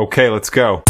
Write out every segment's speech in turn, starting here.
Okay, let's go.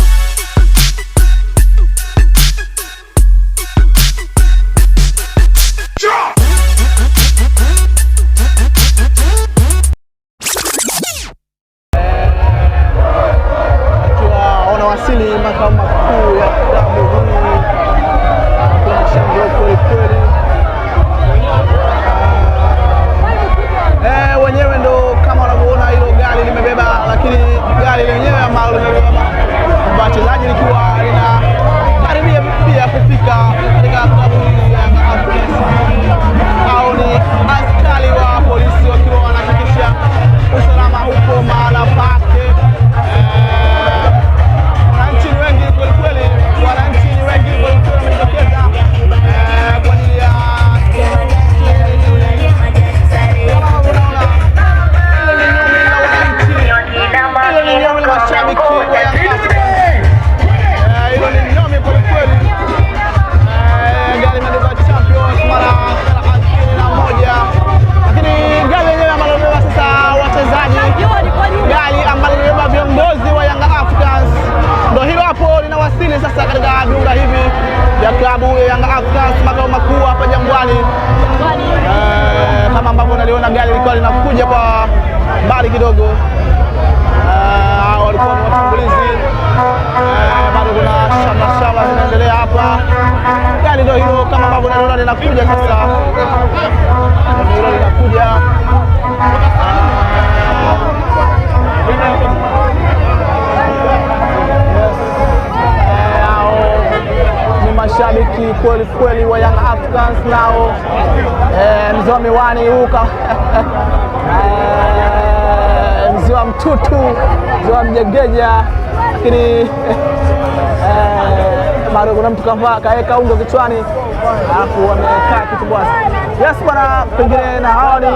mzee wa miwani huka eh, mzee wa mtutu, mzee wa mjegeja, lakini eh, bado kuna mtu kaweka ungo kichwani, alafu wamekaa kitu bwana. Yes bwana, pengine na hao ni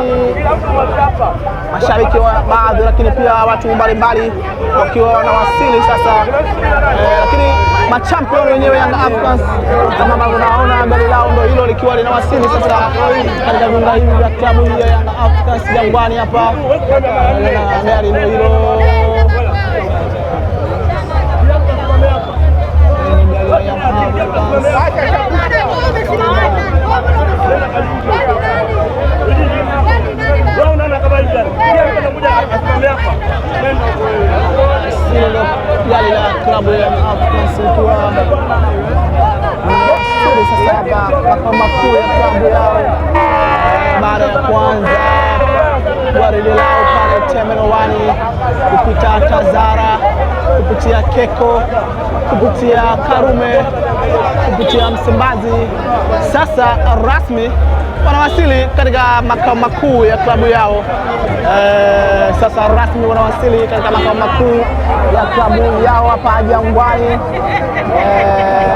mashabiki wa baadhi, lakini pia watu mbalimbali wakiwa wanawasili sasa, eh, lakini machampion wenyewe Young Africans, kama ambavyo naona gari lao ndio hilo likiwa linawasili sasa katika viunga hivi vya klabu hiyo Young Africans Jangwani hapa, gari ndio hilo Keko kupitia Karume kupitia Msimbazi sasa rasmi wanawasili katika makao makuu ya klabu yao. E, sasa rasmi wanawasili katika makao makuu ya klabu yao hapa Jangwani. E,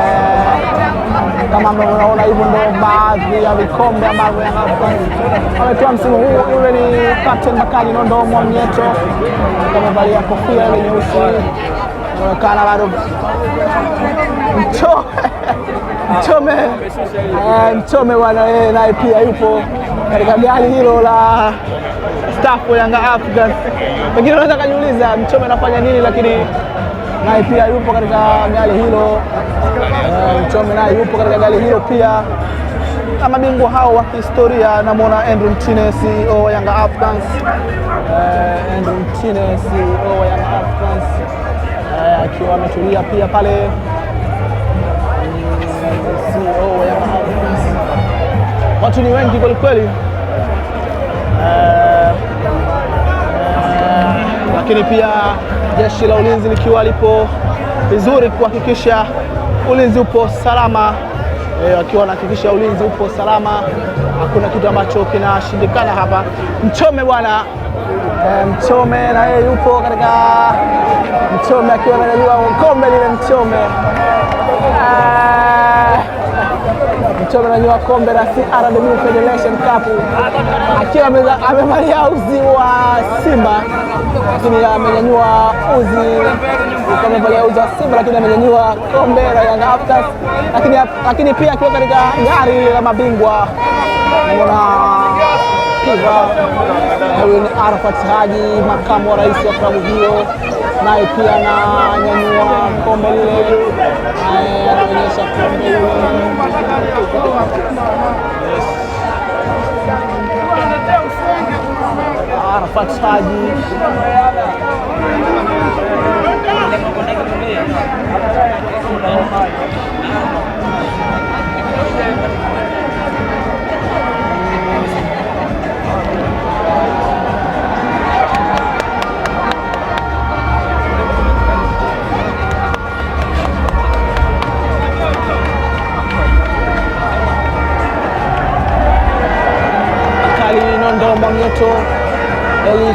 kama mnaona hivyo ndo baadhi ya vikombe ambavyo wametoa msimu huu. Yule ni Captain Bakari Nondo Mwamnyeto, amevalia kofia ile nyeusi Unaonekana bado Mchome Mchome eh, bwana, naye pia yupo katika gari hilo la stafu Yanga Africans. Pengine unaweza kujiuliza Mchome anafanya nini, lakini naye pia yupo katika gari hilo. Eh, Mchome naye yupo katika gari hilo pia na mabingwa hao wa kihistoria, namwona Andrew Mtine CEO Yanga Africans. Eh, Andrew Mtine CEO Yanga akiwa ametulia pia pale CEO watu ni wengi kwelikweli, eh, eh, lakini pia jeshi la ulinzi likiwa lipo vizuri kuhakikisha ulinzi upo salama eh, wakiwa wanahakikisha ulinzi upo salama, hakuna kitu ambacho kinashindikana hapa. Mchome bwana e, Mchome na yeye yupo katika Mchome akiwa anajua kombe lile Mchome ah. Mchome anajua kombe la CRDB Federation Cup akiwa amevalia uzi wa Simba, lakini amenyanyua uzi, amevalia uzi wa Simba, lakini amenyanyua kombe la Young Africans, lakini pia akiwa katika gari la mabingwa mona piva huyu ni Arafat Haji, makamu wa rais wa klabu hiyo, naye pia ananyanyua kombe lile, eh, anaonyesha kombe Arafat Haji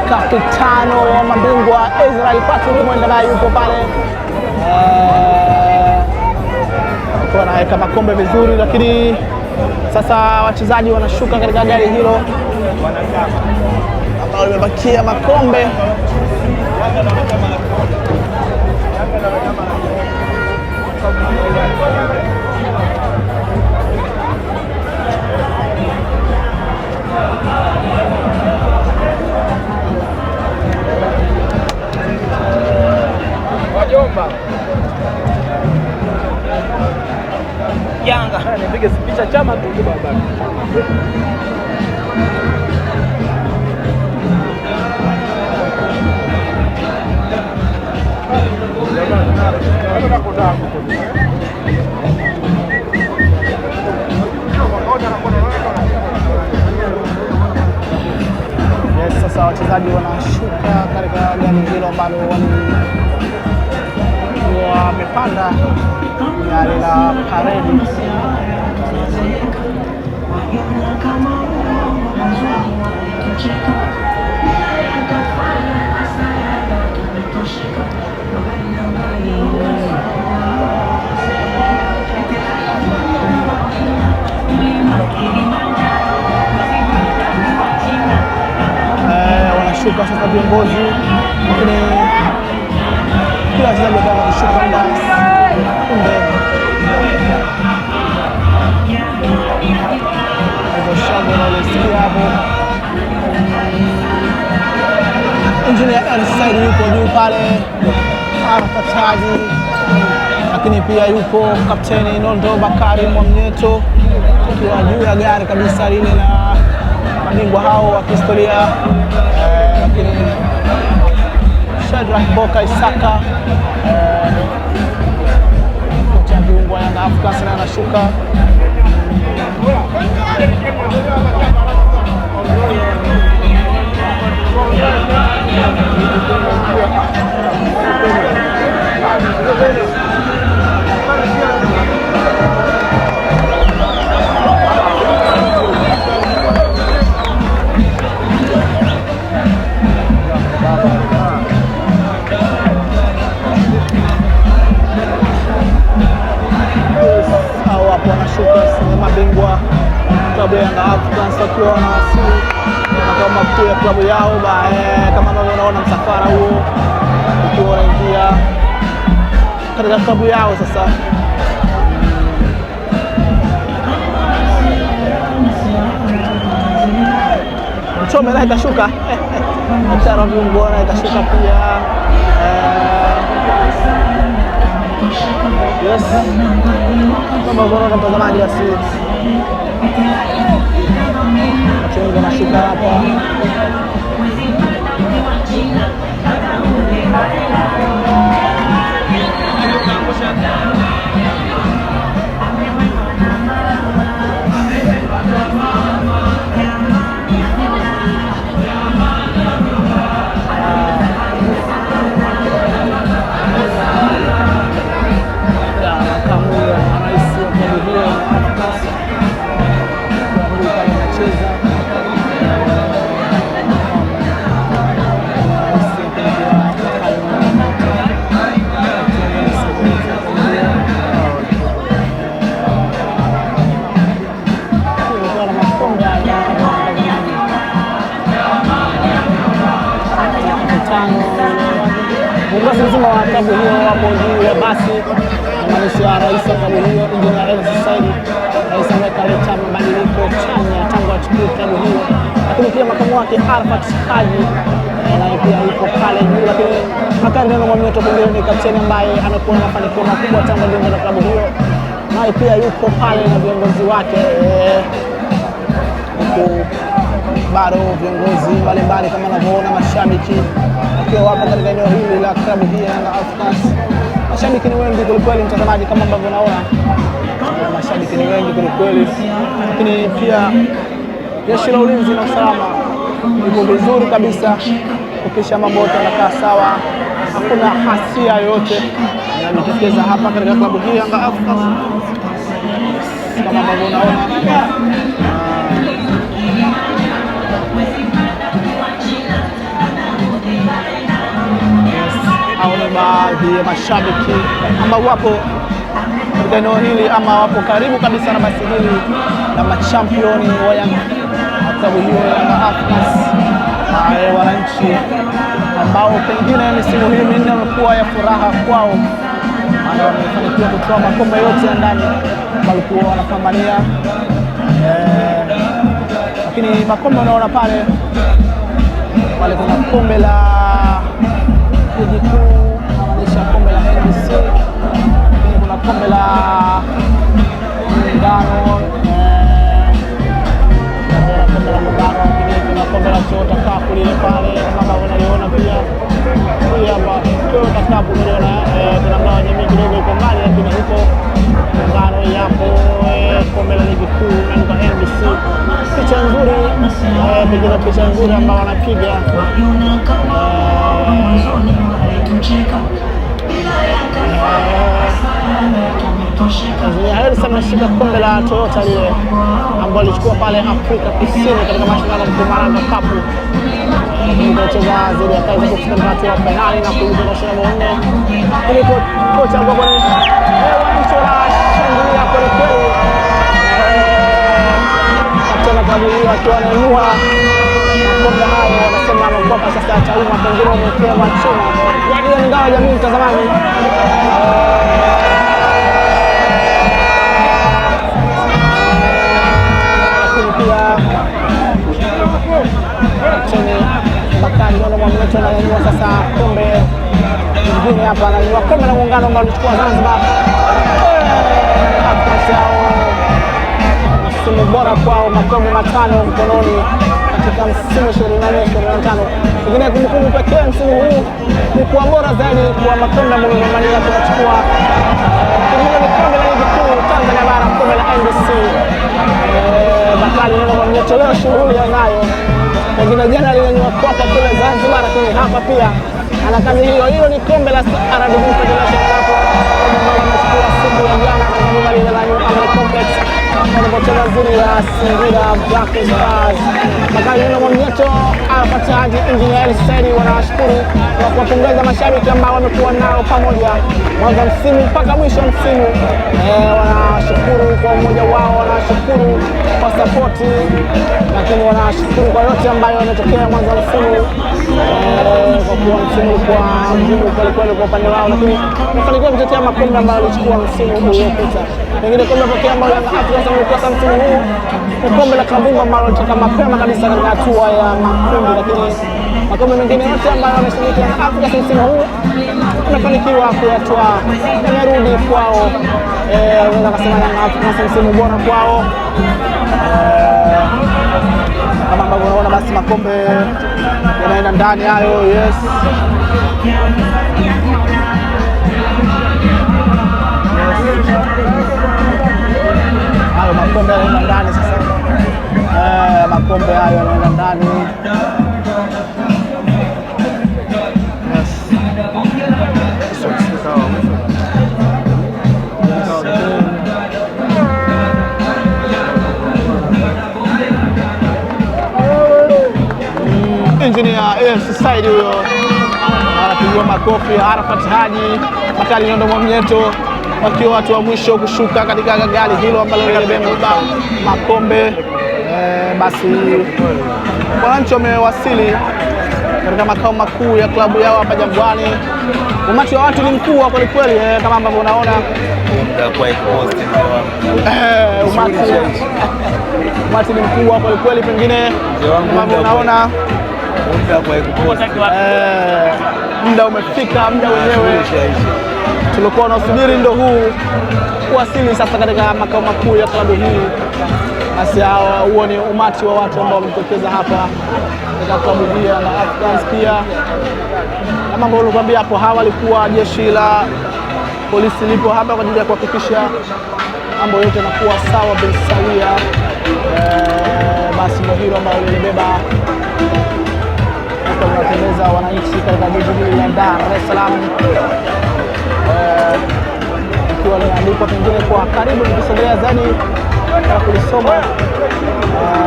kapitano wa mabingwa Israel Patrick Mwenda naye yuko pale uh, anaweka makombe vizuri, lakini sasa wachezaji wanashuka katika gari hilo ambalo limebakia makombe ambalo wamepanda gari la paredi eh, wanashuka sasa viongozi Seli yuko juu pale, Kataji, ah, lakini pia yuko kapteni Nondo Bakari Mwamnyeto akiwa juu ya gari kabisa lile na mabingwa hao wa kihistoria, eh, lakini Shadrack Boka Isaka eh, kocha viungwa Yanga Africans na anashuka lakabu yao sasa. Mchome naye kashuka Mtaro viungo naye kashuka pia. Eh, yes. Kama unaona mtazamaji basi. Mchome anashuka hapa. wake Arafat Haji naye pia yuko pale juu, lakini Makareno Mwamnyeto pengine ni kapteni ambaye amekuwa na mafanikio makubwa tangu aliingia na klabu hiyo, naye pia yuko pale na viongozi wake huku bado viongozi mbalimbali kama anavyoona mashabiki wakiwa wapo katika eneo hili la klabu hii ya Yanga Africans. Mashabiki ni wengi kwelikweli, mtazamaji, kama ambavyo unaona mashabiki ni wengi kwelikweli, lakini pia jeshi la ulinzi na usalama Uko vizuri kabisa, ukisha mambo yote yanakaa sawa, hakuna hasia yoyote najitokeza yaani hapa katika klabu hii Yanga Africans kama ambavyo unaona baadhi ya mashabiki ambao wapo katika eneo hili ama wapo karibu kabisa na basi hili la machampioni wa Yanga mwinuo Yanga Africans, wale wananchi ambao pengine misimu hii minne amekuwa ya furaha kwao, maana wamefanikiwa kutoa makombe yote ya ndani walikuwa wanapambania, eh, lakini makombe unaona pale wale, kuna kombe la ligi kuu maanisha kombe la NBC, kuna kombe la muungano baraza Toyota Cup lile pale kama unaliona pia. Hii hapa Toyota Cup unaliona tunamgawa eh, jamii kidogo iko mbali, lakini huko ngano yapo eh, kombe la ligi kuu na NBC. Picha nzuri, eh, pengine picha nzuri ambao wanapiga Harrison anashika kombe la Toyota lile ambalo alichukua pale Afrika Kusini katika mashindano ya Maranga Cup cheza zidi ya kazi kufika hatua ya fainali na kuingia kwa shindano nne kuliko kocha kwa kwa wananchi wanashangilia kwa kweli katika klabu hiyo akiwa anainua makombe hayo wanasema makopa sasa atauma pengine umepewa chuma ndio ingawa jamii mtazamaji Heche ananyanyua sasa kombe ingine hapa, ananyanyua kombe la muungano ambao alichukua Zanzibar msimu bora kwao, makombe matano mkononi katika msimu 24 25. Ingine kumbukumbu pekee msimu huu ni kuwa bora zaidi kwa makombe ambayo Mbeya kuchukua hilo ni kombe la ligi kuu Tanzania bara, kombe la NBC eh, Bakari, ndio mmetolewa shughuli yanayo, pengine jana lilenywa kwaka kile Zanzibar lakini hapa pia ana kazi hiyo hiyo. Ni kombe la Arab ya la Mwamnyeto, Engineer Said wanawashukuru na kuwapongeza mashabiki ambao wamekuwa nao pamoja mwanzo msimu mpaka mwisho msimu. Eh, wanashukuru kwa umoja wao, wanashukuru kwa sapoti, lakini wanashukuru kwa yote ambayo yametokea mwanzo msimu msimu kwa mzimu kwelikweli kwa upande wao, lakini amefanikiwa kutetea makombe ambayo alichukua msimu uliopita. Pengine kombe pekee ambalo Yanga msimu huu ni kombe la kabumba ambalo alitoka mapema kabisa katika hatua ya makundi, lakini makombe mengine yote ambayo ameshiriki Yanga Africans msimu huu amefanikiwa kuyatwaa. Amerudi kwao, eh, unaweza kusema Yanga Africans msimu bora kwao, eh, kama ambavyo unaona basi makombe ndani hayo, oh yes. Hayo makombe yanaenda ndani sasa, eh, makombe hayo yanaenda ndani. engineer AS Said huyo anapigiwa makofi. Arafat Haji Bakari Ndomo Mnyeto wakiwa watu wa mwisho kushuka katika gari hilo ambalo limebeba makombe e, basi wananchi wamewasili katika makao makuu ya klabu yao hapa Jangwani. Umati wa watu ni mkubwa kweli kweli, eh, kama ambavyo unaona eh, umati ni mkubwa kweli kweli, pengine kama unaona Eh, muda umefika, muda wenyewe tulikuwa tunasubiri ndo huu kuwasili sasa katika makao makuu ya klabu hii. Basi huo ni umati wa watu ambao wamejitokeza hapa katika klabu hii ya Africans. Pia kama ambavyo nilikwambia hapo, hawa walikuwa jeshi la polisi lipo hapa kwa ajili ya kuhakikisha mambo yote yanakuwa sawa bin sawia. E, basi ndio hilo ambalo lilibeba sasa wananchi katika jiji la Dar es Salaam ikiwa limeandikwa pengine kwa karibu, nikisogelea zaidi na kulisoma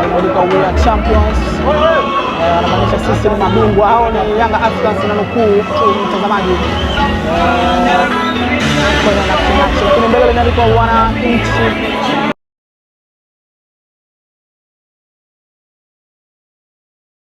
imeandikwa we are champions, eh, anamaanisha sisi ni mabingwa, hao ni Yanga Africans na nukuu tu mtazamaji kwenye na kinacho lakini mbele limeandikwa wananchi